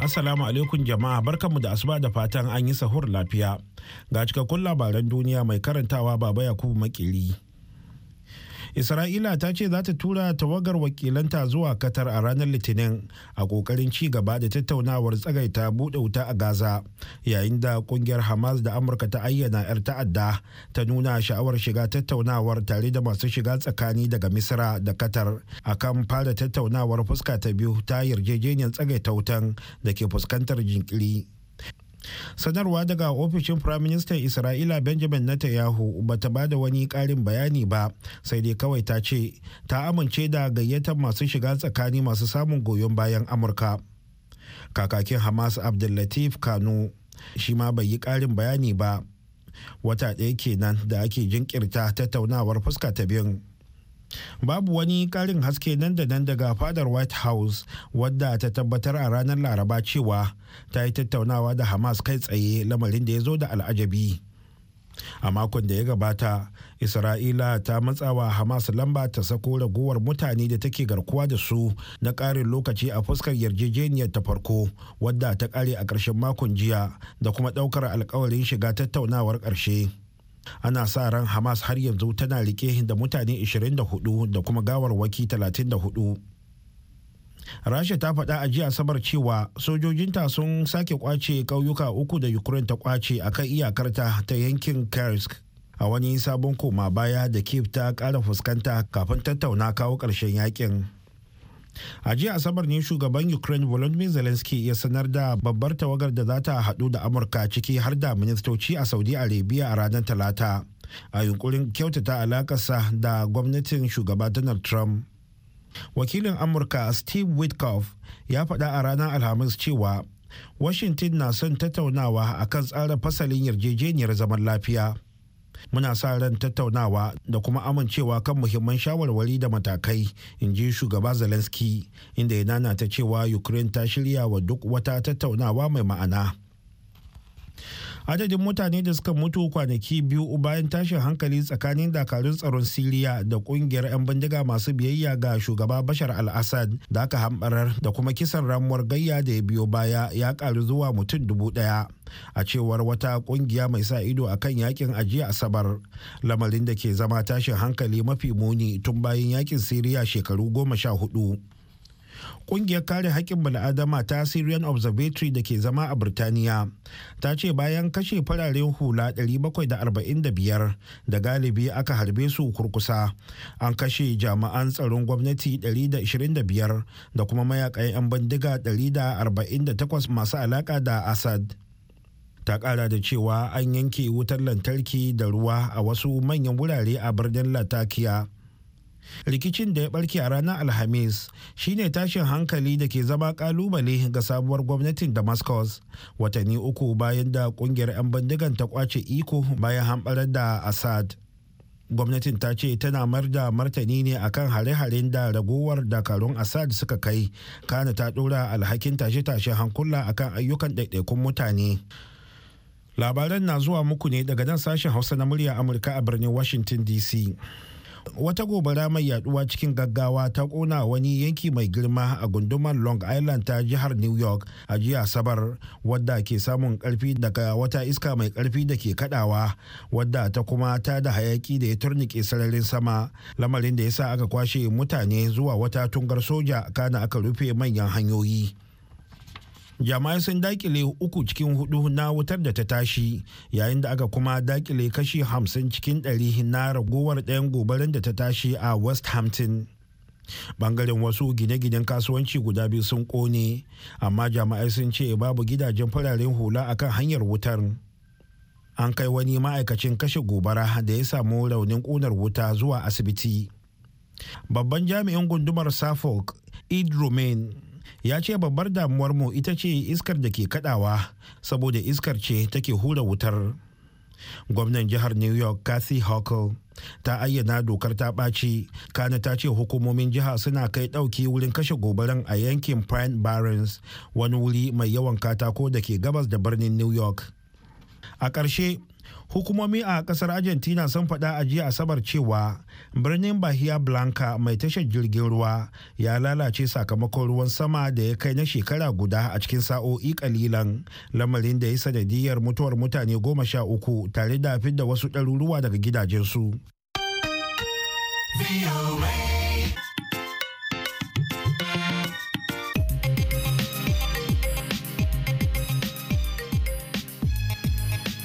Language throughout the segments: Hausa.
Assalamu alaikum jama'a barkanmu da asuba da fatan an yi sahur lafiya. Ga cikakkun labaran duniya mai karantawa baba Yakubu Makiri. isra'ila ta ce za ta tura tawagar wakilanta zuwa qatar a ranar litinin a kokarin ci gaba da tattaunawar tsagaita buɗe wuta a gaza yayin da kungiyar hamas da amurka ta ayyana 'yar ta'adda ta nuna sha'awar shiga tattaunawar tare da masu shiga tsakani daga misra da qatar akan fara tattaunawar fuska ta biyu ta yarjejeniyar tsagaita wutan da ke fuskantar jinkiri sanarwa daga ofishin firaministan isra'ila benjamin netanyahu ba ta bada wani karin bayani ba sai dai kawai ta ce ta amince da gayyatar masu shiga tsakani masu samun goyon bayan amurka kakakin hamas abdullatif kano shi ma bai yi karin bayani ba wata ɗaya kenan da ake jinkirta tattaunawar fuska ta biyun babu wani karin haske nan da nan daga fadar white house wadda ta tabbatar a ranar laraba cewa ta yi tattaunawa da hamas kai tsaye lamarin da ya zo da al'ajabi a makon da ya gabata isra'ila ta matsawa hamas lamba ta sako ragowar mutane da take garkuwa da su na ƙarin lokaci a fuskar yarjejeniyar ta farko wadda ta ƙare a ƙarshen makon jiya da kuma ɗaukar alkawarin shiga tattaunawar ƙarshe. ana sa ran hamas har yanzu tana rike da mutane 24 da kuma gawarwaki 34 rasha ta faɗa a jiya asabar cewa sojojinta sun sake kwace ƙauyuka uku da ukraine ta kwace a kan iyakarta ta yankin kursk a wani sabon koma baya da kiev ta ƙara fuskanta kafin tattauna kawo ƙarshen yakin. a jiya asabar ne shugaban ukraine volodymyr zelensky ya sanar da babbar tawagar da za ta haɗu da amurka ciki har da ministoci a saudi arabia a ranar talata a yunkurin kyautata alakarsa da gwamnatin shugaba donald trump wakilin amurka steve witkoff ya faɗa a ranar alhamis cewa washington na son tattaunawa akan tsara fasalin yarjejeniyar zaman lafiya muna sa ran tattaunawa da kuma amincewa kan muhimman shawarwari da matakai in ji shugaba zelenski inda ya ta cewa ukraine ta shirya wa duk wata tattaunawa mai ma'ana adadin mutane da suka mutu kwanaki biyu bayan tashin hankali tsakanin dakarun tsaron siriya da kungiyar 'yan bindiga masu biyayya ga shugaba bashar al-assad da aka hambarar da kuma kisan ramuwar gayya da ya biyo baya ya karu zuwa mutum dubu daya a cewar wata kungiya mai sa ido a kan yakin ajiya asabar lamarin da ke zama tashin hankali mafi muni tun bayan yakin siriya shekaru goma sha hudu kungiyar kare haƙƙin bala'adama ta syrian observatory da ke zama a birtaniya ta ce bayan kashe fararen hula 745 da galibi aka harbe su kurkusa an kashe jami'an tsaron gwamnati 125 da kuma mayakan 'yan bindiga 148 masu alaƙa da assad ta ƙara da cewa an yanke wutar lantarki da ruwa a wasu manyan wurare a birnin latakia rikicin da ya barke a ranar alhamis shine tashin hankali da ke zama kalubale ga sabuwar gwamnatin damascus watanni uku bayan da kungiyar 'yan bindigan ta kwace iko bayan hamɓarar da assad gwamnatin ta ce tana mar da martani ne akan hare-haren da ragowar dakarun assad suka kai kana ta ɗora alhakin tashe-tashen hankula akan ayyukan ɗaiɗaikun mutane labaran na zuwa muku ne daga nan sashen hausa na murya amurka a birnin washington dc wata gobara mai yaduwa cikin gaggawa ta kona wani yanki mai girma a gundumar long island ta jihar new york a jiya asabar wadda ke samun karfi daga wata iska mai karfi da ke kadawa wadda ta kuma ta da hayaki da ya turnike sararin sama lamarin da ya sa aka kwashe mutane zuwa wata tungar soja kana aka rufe manyan hanyoyi jama'ai sun dakile uku cikin hudu na wutar da ta tashi yayin da aka kuma dakile kashi hamsin cikin dari na ragowar ɗayan gobarin da ta tashi a west hampton bangaren wasu gine-ginen kasuwanci guda biyu sun kone amma jama'ai sun ce babu gidajen fararen hula kan hanyar wutar an kai wani ma'aikacin kashe gobara da ya samu raunin ƙunar wuta zuwa asibiti babban jami'in gundumar suffolk id ya ce babbar damuwar mu ita ce iskar da ke kadawa saboda iskar ce take hura wutar gwamnan jihar new york kathy Hochul ta ayyana dokar ta ɓaci kana ta ce hukumomin jiha suna kai ɗauki wurin kashe gobaran a yankin prime barons wani wuri mai yawan katako da ke gabas da birnin new york a ƙarshe hukumomi a kasar argentina sun faɗa a jiya asabar cewa birnin bahia blanca mai tashar jirgin ruwa ya lalace sakamakon ruwan sama da ya kai na shekara guda a cikin sa'o'i kalilan lamarin da ya sanadiyar mutuwar mutane goma sha uku tare da fidda wasu ɗaruruwa daga gidajensu.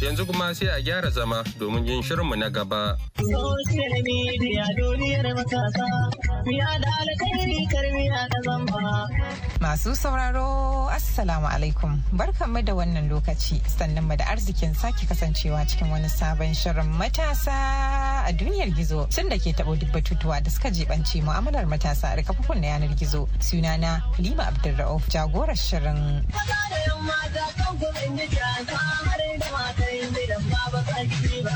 Yanzu kuma sai a gyara zama domin yin mu na gaba. Masu sauraro Assalamu alaikum barkanmu da wannan lokaci sannan da arzikin sake kasancewa cikin wani sabon shirin matasa a duniyar gizo sun da ke taɓo duk batutuwa da suka jibanci mu'amalar matasa a kafofin na yanar gizo sunana Halima Abdulra'uf jagorar shirin. da yamma kan da da da baba sarki ba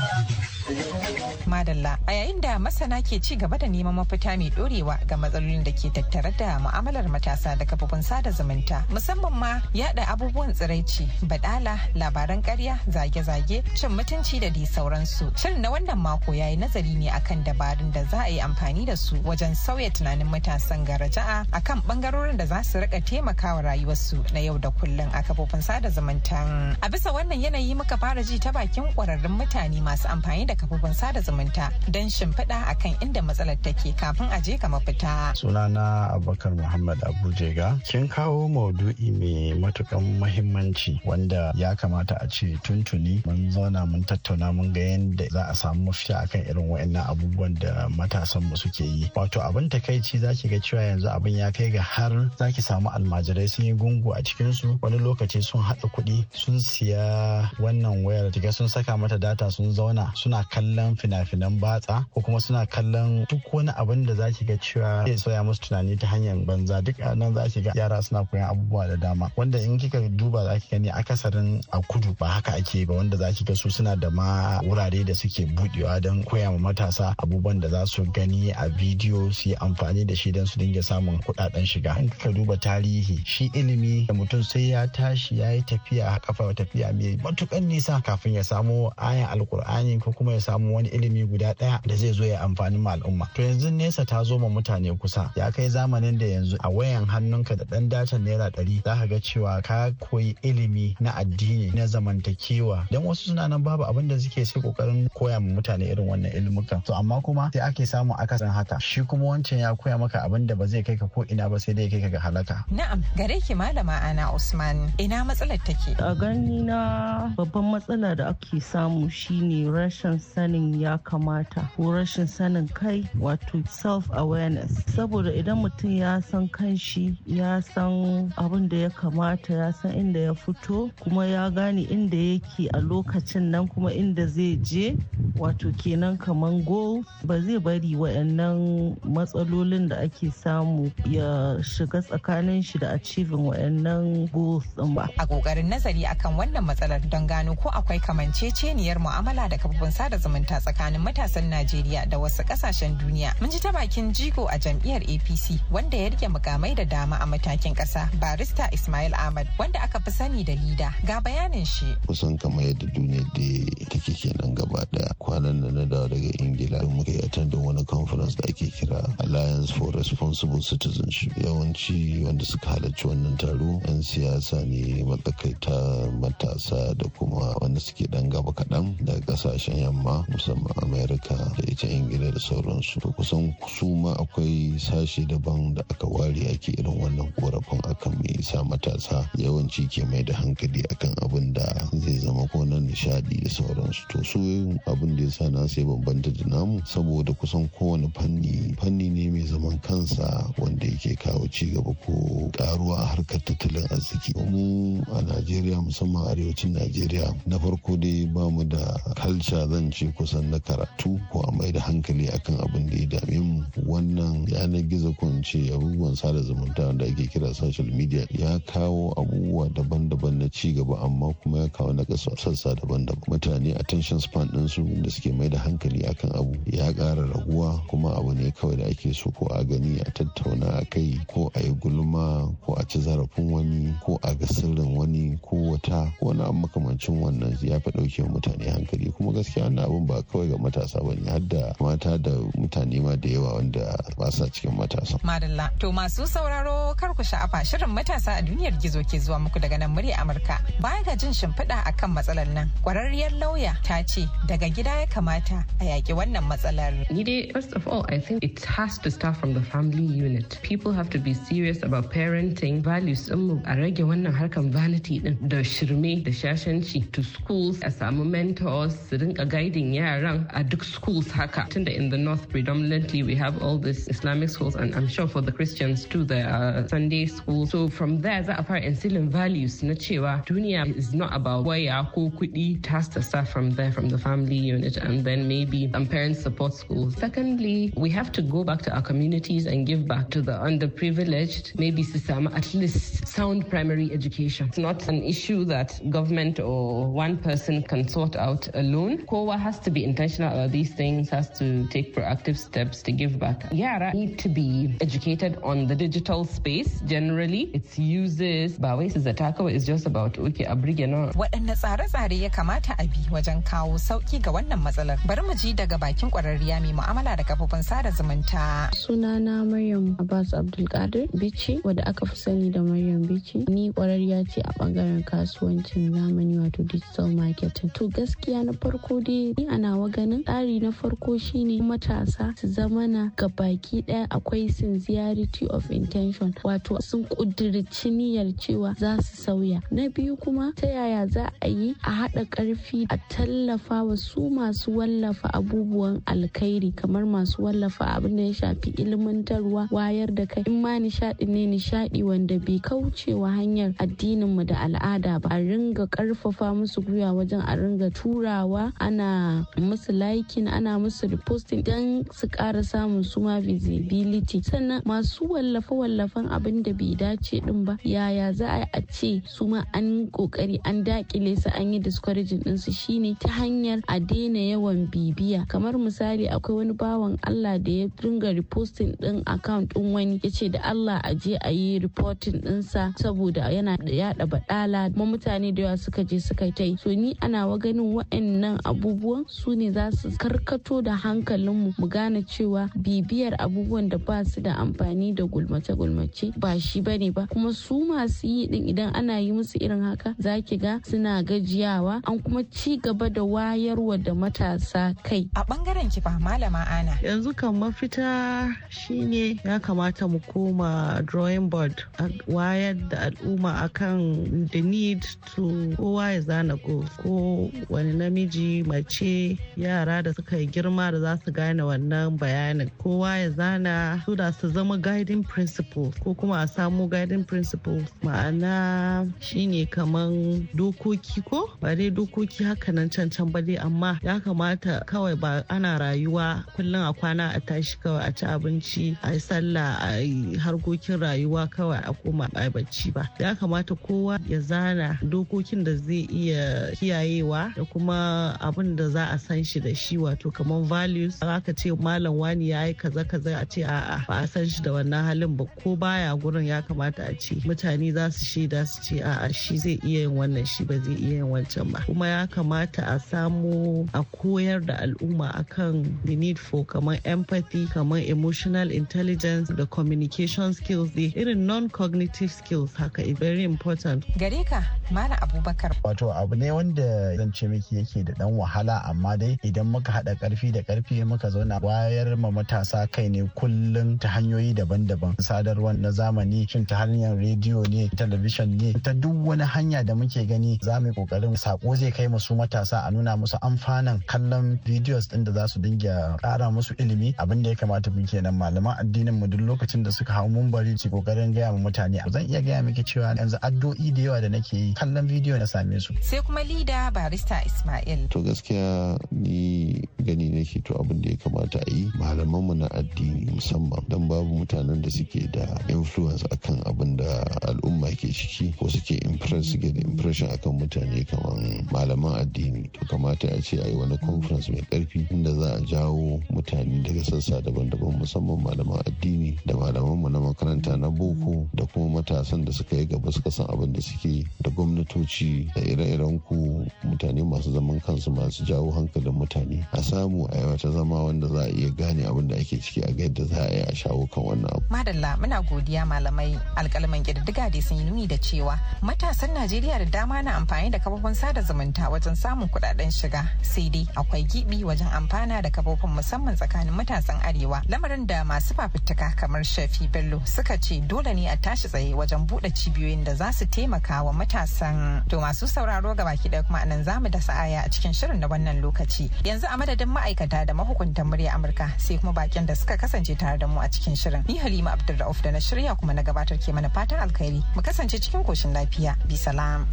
Madalla a yayin da masana ke ci gaba da neman mafita mai dorewa ga matsalolin da ke tattare da mu'amalar matasa da kafofin sada zumunta musamman ma yada abubuwan tsiraici badala labaran karya zage-zage cin mutunci da dai sauransu shirin na wannan mako yayi nazari ne akan dabarun da za a yi amfani da su wajen sauya tunanin matasan garaja'a akan bangarorin da za su rika taimakawa rayuwarsu na yau da kullum a kafofin sada zumunta a bisa wannan yanayi muka fara ji ta bakin kwararrun mutane masu amfani da kafofin sada zumunta don shimfiɗa akan inda matsalar take kafin a je ga mafita. Sunana Abubakar Muhammad Abujega kin kawo maudu'i mai matukan mahimmanci wanda ya kamata a ce tuntuni mun zauna mun tattauna mun ga yadda za a samu mafita akan irin wa'annan abubuwan da matasan mu suke yi. Wato abin takaici zaki ga cewa yanzu abin ya kai ga har zaki samu almajirai sun yi gungu a cikin su wani lokaci sun haɗa kuɗi sun siya wannan wayar tiga sun saka mata data sun zauna suna kallon fina-finan batsa ko kuma suna kallon duk wani abin da za ki ga cewa zai soya musu tunani ta hanyar banza duk a nan za ki ga yara suna koyan abubuwa da dama wanda in kika duba za ki gani akasarin a kudu ba haka ake ba wanda za ki ga su suna da ma wurare da suke budewa don koya ma matasa abubuwan da za su gani a bidiyo su yi amfani da shi don su dinga samun kuɗaɗen shiga in kika duba tarihi shi ilimi da mutum sai ya tashi ya yi tafiya kafa tafiya mai matukan nisa kafin ya samo ayan alkur'ani ko kuma ya ya samu wani ilimi guda ɗaya da zai zo ya amfani ma al'umma to yanzu nesa ta zo ma mutane kusa ya kai zamanin da yanzu a wayan hannunka da ɗan datan naira ɗari za ka ga cewa ka koyi ilimi na addini na zamantakewa don wasu suna nan babu abin da suke sai kokarin koya ma mutane irin wannan ilimuka to amma kuma sai ake samu akasin haka shi kuma wancan ya koya maka abin da ba zai kai ka ko ina ba sai dai kai ka ga halaka na'am gare ki malama ana usman ina matsalar take a gani na babban matsala da ake samu shine rashin sanin ya kamata ko rashin sanin kai wato self awareness saboda idan mutum ya san kanshi ya san abin da ya kamata ya san inda ya fito kuma ya gane inda yake a lokacin nan kuma inda zai je wato kenan kaman go ba zai bari wayannan matsalolin da ake samu ya shiga tsakanin shi da achieving wayannan goals din ba a kokarin nazari akan wannan matsalar don gano ko akwai kamanceceniyar mu'amala da kafofin sada zumunta tsakanin matasan Najeriya da wasu kasashen duniya. Mun ji ta bakin jigo a jam'iyyar APC wanda ya rike mukamai da dama a matakin kasa barista Ismail Ahmad wanda aka fi sani da Lida. Ga bayanin shi. Kusan kamar yadda duniya da take kenan gaba daya kwanan da na dawo daga Ingila muka yi attendin wani conference da ake kira Alliance for Responsible Citizenship. Yawanci wanda suka halarci wannan taro 'yan siyasa ne matsakaita matasa da kuma wanda suke dan gaba kaɗan daga kasashen yamma amma musamman amerika da ita ingila da sauransu to kusan su ma akwai sashe daban da aka ware ake irin wannan korafin akan mai sa matasa yawanci ke mai da hankali akan abin da zai zama ko na nishadi da sauransu to su abin da ya sa na sai bambanta da namu saboda kusan kowane fanni fanni ne mai zaman kansa wanda yake kawo ci gaba ko karuwa a harkar tattalin arziki mu a najeriya musamman arewacin najeriya na farko dai bamu da kalca zan kasance kusan na karatu ko a mai da hankali akan abin da ya dame mu wannan yanar gizo ko ce abubuwan sada zumunta wanda ake kira social media ya kawo abubuwa daban-daban na ci gaba amma kuma ya kawo na sassa daban-daban mutane attention span din su da suke mai da hankali akan abu ya ƙara raguwa kuma abu ne kawai da ake so ko a gani a tattauna a kai ko a yi gulma ko a ci zarafin wani ko a ga sirrin wani ko wata ko wani makamancin wannan ya fi ɗauke mutane hankali kuma gaskiya wannan abun ba kawai ga matasa bane har da mata da mutane ma da yawa wanda ba sa cikin matasa. Madalla to masu sauraro kar ku sha'afa shirin matasa a duniyar gizo ke zuwa muku daga nan murya Amurka. Baya ga jin shimfiɗa akan matsalar nan kwararriyar lauya ta ce daga gida ya kamata a yaƙi wannan matsalar. Ni dai first of all I think it has to start from the family unit. People have to be serious about parenting values ɗinmu a rage wannan harkar vanity ɗin da shirme da shashanci to schools a samu mentors su rinka gai guiding yaran a duk schools haka tunda in the north predominantly we have all these islamic schools and i'm sure for the christians too there are sunday schools so from there that apart fara instilling values na cewa duniya is not about why I could quickly test the stuff from there from the family unit and then maybe some parents support schools secondly we have to go back to our communities and give back to the underprivileged maybe sisama at least sound primary education it's not an issue that government or one person can sort out alone kowa has to be intentional about uh, these things, has to take proactive steps to give back. Yara need to be educated on the digital space generally, its uses. Ba wai su zata it is is just about okay a burge na. Waɗanne tsare-tsare ya kamata a bi wajen kawo sauki ga wannan matsalar. Bari mu ji daga bakin ƙwararriya mai mu'amala da kafofin sada zumunta. Sunana Maryam Abbas Abdulkadir Bichi wadda aka fi sani da Maryam Bichi. Ni ƙwararriya ce a ɓangaren kasuwancin zamani wato digital marketing. To gaskiya na farko dai ni ana wa ganin tsari na farko shine matasa su zamana ga baki ɗaya akwai sincerity of intention wato sun ƙudurci niyyar cewa za su sauya na biyu kuma ta yaya za a yi a haɗa karfi a tallafa wa su masu wallafa abubuwan alkhairi kamar masu wallafa abin da ya shafi ilmantarwa wayar da kai in ma nishaɗi ne nishadi wanda bai kauce wa hanyar addininmu da al'ada ba a ringa ƙarfafa musu gwiwa wajen a ringa turawa ana musu liking ana musu reposting don su kara samun suma visibility sannan masu wallafe-wallafen abin da bai dace din ba yaya za a ce suma an kokari an dakile su an yi discouraging din su shine ta hanyar a daina yawan bibiya kamar misali akwai wani bawan Allah da ya dinga reposting din account ɗin wani yace da Allah a je a yi reporting sa saboda yana da yada baɗala kuma mutane da yawa suka je suka yi ta yi to ni ana wa ganin wa'annan abubuwa abubuwan su ne za su karkato da hankalinmu mu gane cewa bibiyar abubuwan da ba su da amfani da gulmace-gulmace ba shi ba ne ba kuma su masu yi din idan ana yi musu irin haka za ki ga suna gajiyawa an kuma ci gaba da wayarwa da matasa kai a bangaren ki ba malama ana yanzu kan mafita shine ya kamata mu koma drawing board a wayar da al'umma akan the need to kowa ya zana goals ko wani namiji mace ce yara da suka yi girma da za su gane wannan bayanin kowa ya zana su da su zama guiding principles ko kuma a samu guiding principles ma'ana shine kamar dokoki ko ba dai dokoki haka nan can ba dai amma ya kamata kawai ba ana rayuwa kullum a kwana a tashi kawai a ci abinci a yi sallah a yi harkokin rayuwa kawai a koma a bacci ba ya kamata kowa ya zana dokokin da zai iya kiyayewa da kuma abin da za a san shi da shi wato kamar values aka ce malam wani ya yi kaza kaza a ce a'a ba a san shi da wannan halin ba ko baya gurin ya kamata a ce mutane za su shaida su ce a'a shi zai iya yin wannan shi ba zai iya yin wancan ba kuma ya kamata a samo a koyar da al'umma akan the need for kamar empathy kamar emotional intelligence da communication skills dai irin non-cognitive skills haka is very important gare ka malam abubakar wato abu ne wanda zan ce miki yake da dan wahala wahala amma dai idan muka haɗa ƙarfi da ƙarfi muka zauna wayar ma matasa kai ne kullum ta hanyoyi daban-daban sadarwar na zamani shin ta hanyar rediyo ne talabishin ne ta duk wani hanya da muke gani za mu yi ƙoƙarin sako zai kai musu matasa a nuna musu amfanan kallon videos ɗin da za su dinga ƙara musu ilimi abin da ya kamata mu kenan malaman addinin mu duk lokacin da suka hau mumbari su ƙoƙarin gaya ma mutane zan iya gaya miki cewa yanzu addo'i da yawa da nake yi kallon video na same su sai kuma lida barista Ismail to gaskiya gaskiya ni gani nake to abin da ya kamata a yi mu na addini musamman don babu mutanen da suke da influence akan abin da al'umma ke ciki ko suke impress suke da impression akan mutane kamar malaman addini to kamata a ce a yi wani conference mai karfi inda za a jawo mutane daga sassa daban-daban musamman malaman addini da malaman mu na makaranta na boko da kuma matasan da suka yi gaba suka san abin da suke da gwamnatoci da ire-iren ku mutane masu zaman kansu masu jawo hankalin mutane a samu a wata zama wanda za a iya gane abin da ake ciki a yadda za a yi a shawo kan wannan abu. Madalla muna godiya malamai alkalman ƙididdiga da sun yi nuni da cewa matasan Najeriya da dama na amfani da kafofin sada zumunta wajen samun kuɗaɗen shiga sai dai akwai gibi wajen amfana da kafofin musamman tsakanin matasan arewa lamarin da masu fafutuka kamar Shafi Bello suka ce dole ne a tashi tsaye wajen buɗe cibiyoyin da za su taimaka wa matasan to masu sauraro gaba ki kuma anan zamu da sa'aya a cikin shirin na wannan lokaci yanzu a madadin ma'aikata da mahukuntan murya amurka sai kuma bakin da suka kasance tare da mu a cikin shirin ni halima abdulrauf da na shirya kuma na gabatar ke mana fatan alkhairi mu kasance cikin koshin lafiya bi salam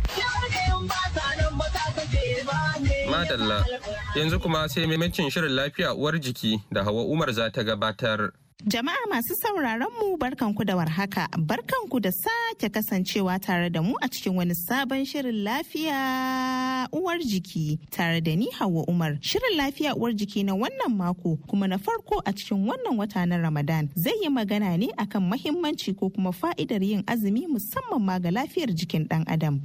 madalla yanzu kuma sai maimacin shirin lafiya uwar jiki da hawa umar za ta gabatar Jama'a masu sauraron mu barkanku da warhaka, barkanku da sake kasancewa tare da mu a cikin wani sabon shirin lafiya uwar jiki tare da ni Hauwa Umar. Shirin lafiya uwar jiki na wannan mako kuma na farko a cikin wannan wata na Ramadan zai yi magana ne akan mahimmanci ko kuma fa'idar yin azumi musamman ma ga lafiyar jikin ɗan adam.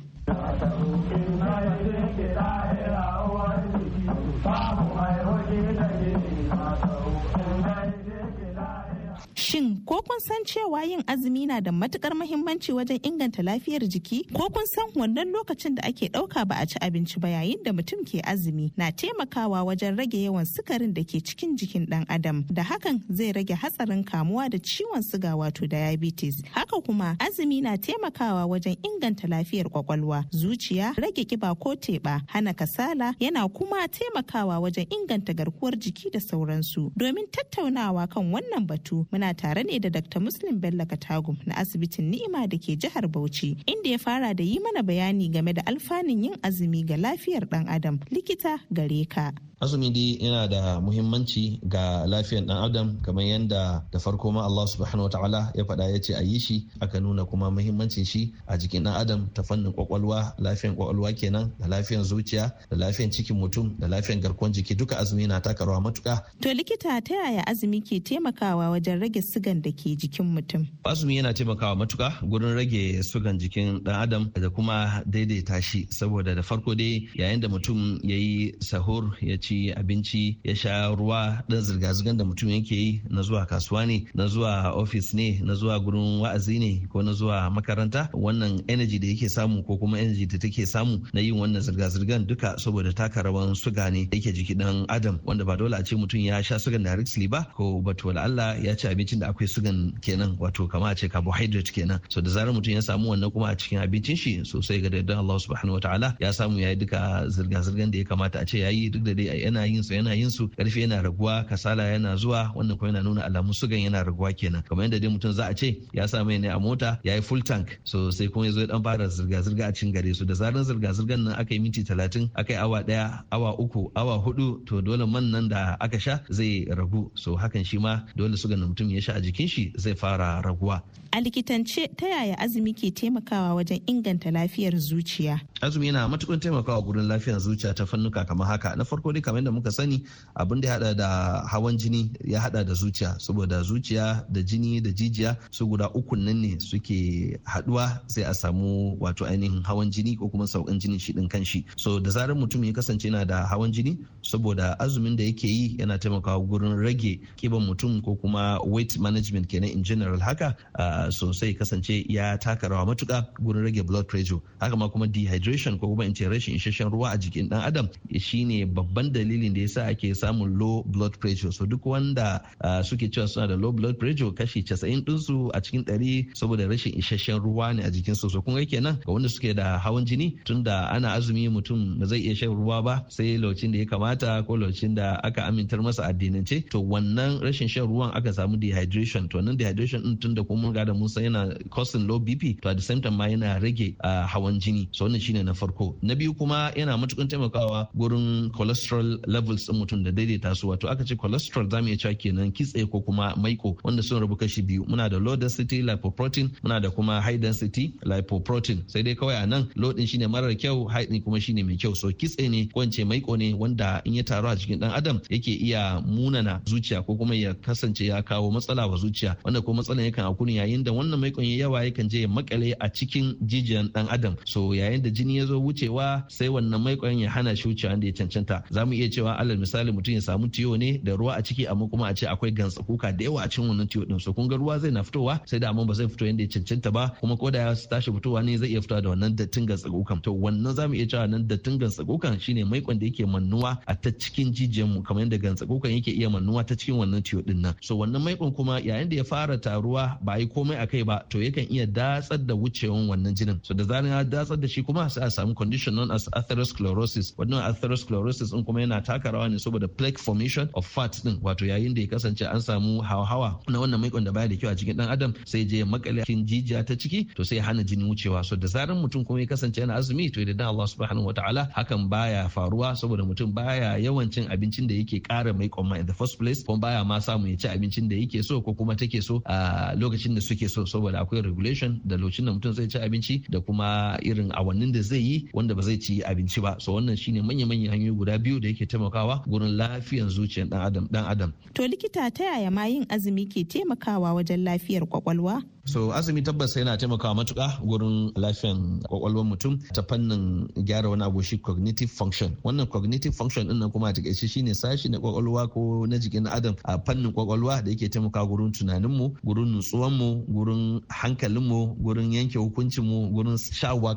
Shin ko kun san cewa yin azumi na da matukar muhimmanci wajen inganta lafiyar jiki? Ko kun san wannan lokacin da ake ɗauka ba a ci abinci ba yayin da mutum ke azumi na taimakawa wajen rage yawan sukarin da ke cikin jikin ɗan adam da hakan zai rage hatsarin kamuwa da ciwon suga wato diabetes. Haka kuma azumi na taimakawa wajen inganta lafiyar kwakwalwa, zuciya, rage kiba ko teɓa, hana kasala yana kuma taimakawa wajen inganta garkuwar jiki da sauransu. Domin tattaunawa kan wannan batu muna tare ne da Dr. Muslim Bello Katagum na asibitin Ni'ima da ke jihar Bauchi inda ya fara da yi mana bayani game da alfanun yin azumi ga lafiyar dan Adam. Likita gare ka. azumi dai yana da muhimmanci ga lafiyar dan adam kamar yadda da farko ma Allah subhanahu wataala ya faɗa ya ce a yi shi aka nuna kuma muhimmancin shi a jikin dan adam ta fannin kwakwalwa lafiyar kwakwalwa kenan da lafiyar zuciya da lafiyar cikin mutum da lafiyar garkuwar jiki duka azumi na taka rawa matuka to likita ta yaya azumi ke taimakawa wajen rage sugan da ke jikin mutum azumi yana taimakawa matuka gurin rage sugan jikin dan adam da kuma daidaita shi saboda da farko dai yayin da mutum ya yi sahur ya ci ci abinci ya sha ruwa dan zirga-zirgar da mutum yake yi na zuwa kasuwa ne na zuwa ofis ne na zuwa gurin wa'azi ne ko na zuwa makaranta wannan energy da yake samu ko kuma energy da take samu na yin wannan zirga-zirgar duka saboda taka rawan suga ne yake jiki dan adam wanda ba dole a ce mutum ya sha sugan directly ba ko but wala Allah ya ci abincin da akwai sugan kenan wato kama a ce carbohydrate kenan so da zarar mutum ya samu wannan kuma a cikin abincin shi sosai ga daddan Allah subhanahu wataala ya samu yayi duka zirga-zirgar da ya kamata a ce yayi duk da dai yana yin su yana yin su karfi yana raguwa kasala yana zuwa wannan kuma yana nuna alamun sugan yana raguwa kenan kamar yadda dai mutum za a ce ya sa mai ne a mota ya yi full tank so sai kuma ya zo ya dan fara zirga zirga a cikin gare su da zaran zirga zirgan nan aka yi minti talatin aka yi awa daya awa uku awa hudu to dole man nan da aka sha zai ragu so hakan shi ma dole sugan da mutum ya sha a jikin shi zai fara raguwa A likitance ta yaya azumi ke taimakawa wajen inganta lafiyar zuciya? Azumi yana matukar taimakawa gurin lafiyar zuciya ta fannuka kamar haka. Na farko dai kamar da muka sani abin da ya hada da hawan jini ya hada da zuciya saboda zuciya da jini da jijiya su guda uku nan ne suke haduwa sai a samu wato ainihin hawan jini ko kuma saukan jini shi din kanshi. So da zarar mutum ya kasance yana da hawan jini saboda azumin da yake yi yana taimakawa gurin rage kiban mutum ko kuma weight management kenan in general haka. Uh, sosai kasance ya taka rawa matuka gurin rage blood pressure haka ma kuma dehydration ko kuma in ce rashin isasshen ruwa a jikin dan adam shine babban dalilin da ya yasa ake samun low blood pressure so duk wanda suke cewa suna da low blood pressure kashi 90 dinsu a cikin dari saboda rashin isasshen ruwa ne a jikin su so kun ga kenan ga wanda suke da hawan jini tunda ana azumi mutum ba zai iya shan ruwa ba sai lokacin da ya kamata ko lokacin da aka amintar masa addinance to wannan rashin shan ruwan aka samu dehydration to wannan dehydration din tunda kuma mun ga da mun yana causing low bp to at the same time ma yana rage uh, hawan jini so wannan shine na farko na biyu kuma yana matukan taimakawa gurin cholesterol levels din mutum da daidaita su wato aka ce cholesterol zamu iya cewa kenan kitse ko kuma maiko wanda sun rabu kashi biyu muna da low density lipoprotein muna da kuma high density lipoprotein sai dai kawai a nan low din shine marar kyau high din kuma shine mai kyau so kitse ne ko ince maiko ne wanda in ya taru a jikin dan adam yake iya munana zuciya ko kuma ya kasance ya kawo matsala wa zuciya wanda ko matsalan yakan akuni yayin yayin da wannan maikon ya yawa yakan je ya makale a cikin jijiyan dan adam so yayin da jini ya zo wucewa sai wannan maikon ya hana shi wucewa da ya cancanta za mu iya cewa alal misali mutum ya samu tiyo ne da ruwa a ciki amma kuma a ce akwai gantsa kuka da yawa a cikin wannan tiyo din so kun ga ruwa zai na fitowa sai da amma ba zai fito yadda ya cancanta ba kuma ko da ya tashi fitowa ne zai iya fitowa da wannan dattin gantsakukan. kukan to wannan za mu iya cewa nan dattin gantsakukan shine maikon da yake mannuwa a ta cikin jijiyan mu kamar yadda gantsakukan kukan yake iya mannuwa ta cikin wannan tiyo din nan so wannan maikon kuma yayin da ya fara taruwa ba yi komai komai a kai ba to yakan iya datsar da wucewan wannan jinin so da zarin ya datsar da shi kuma sai a samu condition known as atherosclerosis wannan atherosclerosis din kuma yana taka rawa ne saboda plaque formation of fat din wato yayin da ya kasance an samu hawa na wannan maikon da baya da kyau a cikin dan adam sai je ya makale cikin jijiya ta ciki to sai hana jini wucewa so da zarin mutum kuma ya kasance yana azumi to idan Allah subhanahu wataala hakan baya faruwa saboda mutum baya yawancin abincin da yake kara maikon ma in the first place kuma baya ma samu ya ci abincin da yake so ko kuma take so a lokacin da suke yake so saboda akwai regulation da lokacin da mutum zai ci abinci da kuma irin awannin da zai yi wanda ba zai ci abinci ba so wannan shine manya-manyan hanyoyi guda biyu da yake taimakawa gurin lafiyar zuciyar dan adam dan adam to likita ta yaya ma yin azumi ke taimakawa wajen lafiyar kwakwalwa So azumi tabbas yana taimakawa matuka gurin lafiyan kwakwalwar mutum ta fannin gyara wani abu shi cognitive function. Wannan cognitive function din nan kuma a takaice shine sashi na kwakwalwa ko na jikin adam a fannin kwakwalwa da yake taimakawa gurin tunanin mu, gurin nutsuwan mu, gurin hankalin mu, gurin yanke hukuncin mu, gurin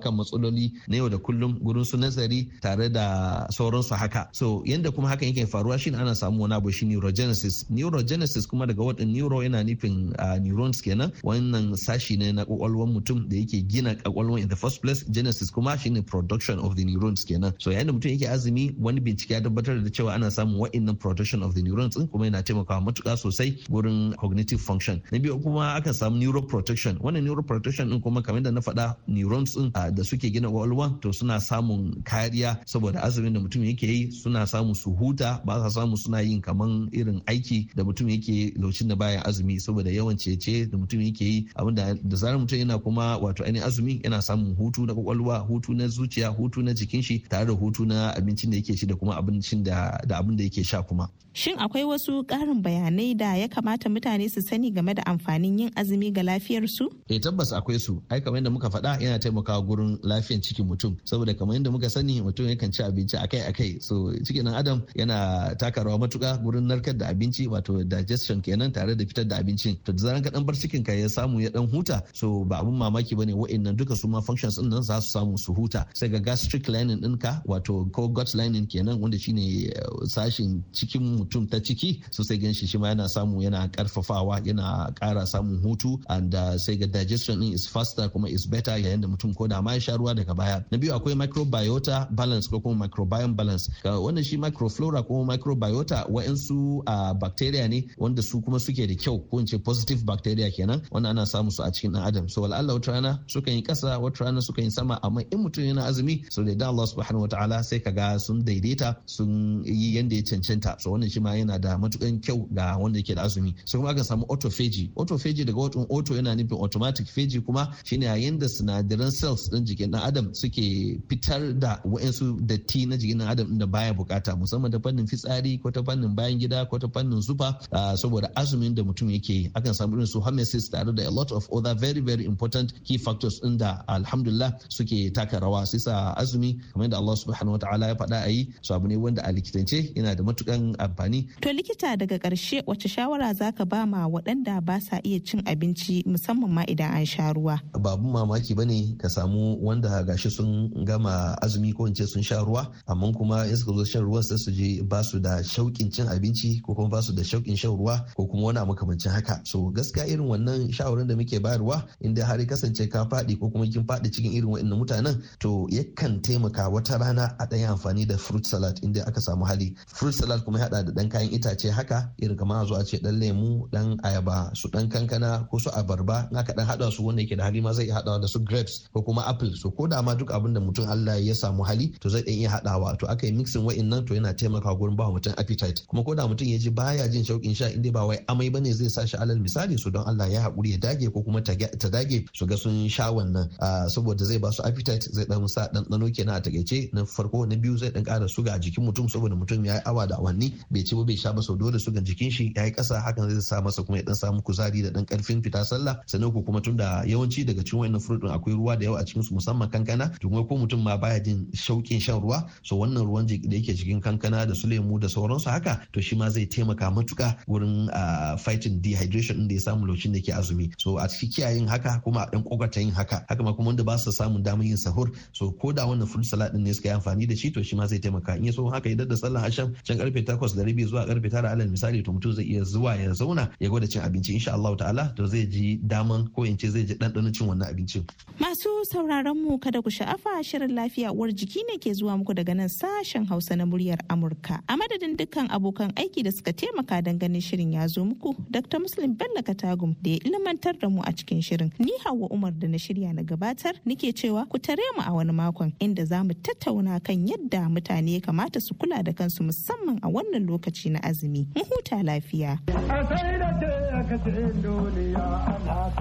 kan matsaloli na yau da kullum, gurin su nazari tare da sauransu haka. So yanda kuma hakan yake faruwa shine ana samu wani abu shi neurogenesis. Neurogenesis kuma daga wadin neuro yana nufin ah, neurons kenan. Wani wannan sashi ne na kwakwalwan mutum da yake gina kwakwalwan in the first place genesis kuma shine production of the neurons kenan so yayin da mutum yake azumi wani bincike ya tabbatar da cewa ana samun wa'annan production of the neurons din kuma yana taimakawa matuka sosai wurin cognitive function na biyu kuma aka samu neuroprotection wannan neuroprotection din kuma kamar da na faɗa neurons din ah, da suke gina kwakwalwa to suna samun kariya saboda azumin da mutum yake yi suna samun su huta ba sa samu suna yin kamar irin aiki da mutum yake lokacin da bayan azumi saboda yawan cece da mutum yake yi abinda da zarar mutum yana kuma wato ainihin azumi yana samun hutu na kwakwalwa hutu na zuciya hutu na jikin shi tare da hutu na abincin da yake ci da kuma abincin da abin da yake sha kuma shin akwai wasu ƙarin bayanai da ya kamata mutane su sani game da amfanin yin azumi ga lafiyar su eh tabbas akwai su ai kamar yadda muka faɗa yana taimakawa gurin lafiyar cikin mutum saboda kamar yadda muka sani mutum yakan ci abinci akai-akai so cikin adam yana taka rawa matuka gurin narkar da abinci wato digestion kenan tare da fitar da abincin to da zaran ka dan bar cikin ka ya samu samu ya dan huta so ba abun mamaki bane wa'annan duka su ma functions din nan za su samu su huta sai ga gastric lining ka wato ko gut lining kenan wanda shine eh, sashin cikin mutum ta ciki so sai gan shi ma yana samu yana karfafawa yana kara samu hutu and uh, sai ga digestion din is faster kuma is better yayin da mutum ko da ma ya sha ruwa daga baya na biyu akwai microbiota balance ko kuma microbiome balance wannan shi microflora ko microbiota wa'ansu uh, bacteria ne wanda su kuma suke da kyau ko in ce positive bacteria kenan wannan ana ana samu su a cikin dan adam so wala Allah wata rana suka yi kasa wata rana suka yi sama amma in mutum yana azumi so da Allah subhanahu wataala sai kaga sun daidaita sun yi yanda ya cancanta so wannan shi ma yana da matukan kyau ga wanda yake da azumi so kuma aka samu autophagy autophagy daga watan auto yana nufin automatic phagy kuma shine yayin da sinadaran cells din jikin dan adam suke fitar da wa'ansu datti na jikin dan adam inda da baya bukata musamman da fannin fitsari ko ta fannin bayan gida ko ta fannin zufa ah, saboda azumin da mutum yake akan samu irin su homeostasis tare da lot of other very very important key factors din da alhamdulillah suke taka rawa sai sa azumi kamar da Allah subhanahu wataala ya faɗa a yi su abu ne wanda a likitance yana da matukan amfani to likita daga ƙarshe wace shawara zaka ba ma waɗanda ba sa iya cin abinci musamman ma idan an sha ruwa babu mamaki ba ne ka samu wanda gashi sun gama azumi ko in sun sha ruwa amma kuma in suka zo shan ruwan sai su je ba su da shauƙin cin abinci ko kuma ba su da shauƙin shan ruwa ko kuma wani makamancin haka so gaskiya irin wannan shawarar shawarwarin da muke bayarwa inda har ya kasance ka faɗi ko kuma kin faɗi cikin irin wa'annan mutanen to yakan taimaka wata rana a ɗan amfani da fruit salad inda aka samu hali fruit salad kuma ya haɗa da ɗan kayan itace haka irin kamar a zo a ce ɗan lemu ɗan ayaba su ɗan kankana ko su abarba na ka ɗan haɗa su wanda yake da hali ma zai iya haɗawa da su grapes ko kuma apple so ko da ma duk abinda mutum Allah ya samu hali to zai ɗan iya haɗawa to aka yi mixin wa'annan to yana taimakawa gurin ba mutum appetite kuma ko da mutum ya ji baya jin shauƙin sha inda ba wai amai bane zai sa shi alal misali so don Allah ya haƙuri ya dage ko kuma ta dage su ga sun sha wannan ah, saboda zai ba su appetite zai dan sa ɗanɗano kenan a takaice na farko na biyu zai dan ƙara suga a jikin mutum saboda mutum ya yi awa da awanni bai ci ba bai sha ba sau dole suga jikin shi ya yi ƙasa hakan zai sa masa kuma ya dan samu kuzari da dan karfin fita sallah sannan ko kuma tun da yawanci daga cikin wannan fruit din akwai ruwa da yawa a cikin su musamman kankana to kuma ko mutum ma baya jin shauƙin shan ruwa so wannan ruwan da yake cikin kankana da su lemu da sauransu haka to shi ma zai taimaka matuka wurin ah, fighting dehydration din da ya samu lokacin da ke azumi so a cikin kiyayen haka kuma a dan kokarta yin haka haka ma kuma wanda ba su samun damar yin sahur so ko da wannan fruit salad din ne suka yi amfani da shi to shi ma zai taimaka in ya so haka idan da sallan asham can karfe 8 da rabi zuwa karfe tara alal misali to mutum zai iya zuwa ya zauna ya gwada cin abinci insha Allah ta'ala to zai ji daman ko in ce zai ji dandanon cin wannan abincin masu sauraron mu kada ku sha'afa shirin lafiya uwar jiki ne ke zuwa muku daga nan sashen Hausa na muryar Amurka a madadin dukkan abokan aiki da suka taimaka don ganin shirin ya zo muku Dr. Muslim Bello Katagum da ya ilmanta gabatar da mu a cikin shirin. Ni Hauwa Umar da na shirya na gabatar nike cewa ku tare mu a wani makon inda za mu tattauna kan yadda mutane ya kamata su kula da kansu musamman a wannan lokaci na azumi. Mu huta lafiya.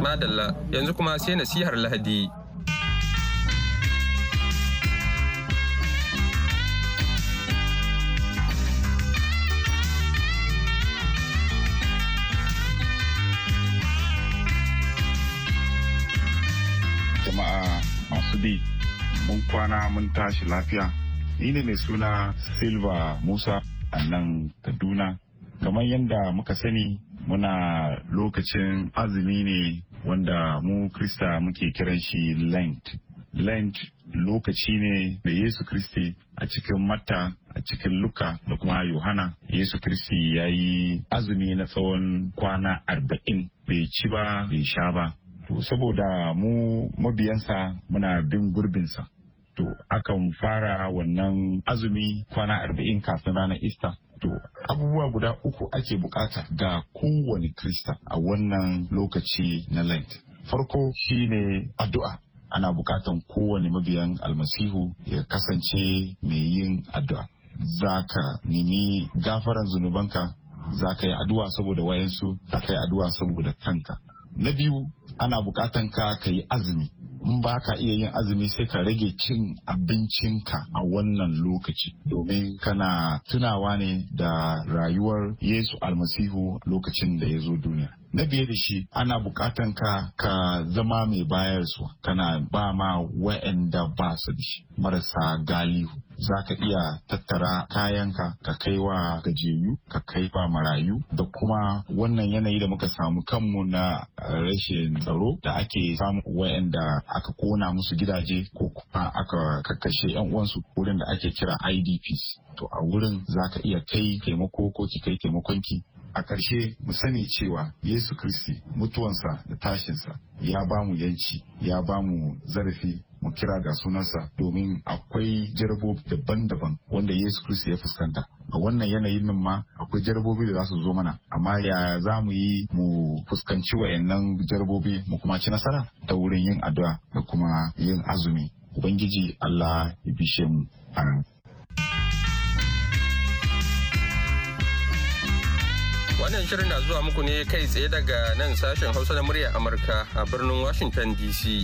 Madalla yanzu kuma sai nasihar Lahadi. jama'a masu bi mun kwana mun tashi lafiya ni ne mai suna silva musa a nan kaduna kamar yadda muka sani muna lokacin azumi ne wanda mu krista muke kiran shi lent lent lokaci ne da yesu kristi a cikin mata a cikin luka da kuma yohana yesu kristi ya yi azumi na tsawon kwana arba'in bai ci ba bai sha ba to saboda mu mabiyansa muna bin gurbinsa to akan fara wannan azumi kwana arba'in kafin ranar ista to abubuwa guda uku ake bukata ga kowane krista a wannan lokaci na lent farko shine addu'a ana bukatan kowane mabiyan almasihu ya kasance mai yin addu'a za ka nemi gafaran zunubanka za ka yi addu'a saboda wayansu za ka yi addu'a saboda kanka na biyu ana bukatan ka ka yi azumi in ba ka iya yin azumi sai ka rage cin abincinka a wannan lokaci domin kana tunawa ne da rayuwar yesu almasihu lokacin da ya zo duniya na biye da shi ana bukatan ka ka zama mai bayar bayarsu kana ba ma wa'anda ba su da shi marasa galihu za ka iya tattara kayanka ka kai wa gajeyu ka kai wa marayu da kuma wannan yanayi da muka samu kanmu na rashin tsaro da ake samu wayanda aka kona musu gidaje ko kuma aka kakkashe yan uwansu wurin da ake kira IDPs to a wurin za ka iya kai taimako ko ki kai taimakonki a ƙarshe mu sani cewa Yesu Kristi mutuwansa da tashinsa ya bamu yanci ya bamu zarafi mu kira ga sunansa domin akwai jarabobi daban-daban wanda Yesu kristi ya fuskanta. A wannan yanayin nan ma akwai jarabobi da za su zo mana amma ya za mu yi mu fuskanci wayannan jarabobi mu kuma ci nasara ta wurin yin addu'a da kuma yin azumi. Ubangiji Allah ya bishe mu. anan Wannan shirin na zuwa muku ne kai tsaye daga nan sashen Hausa na murya Amurka a birnin Washington DC.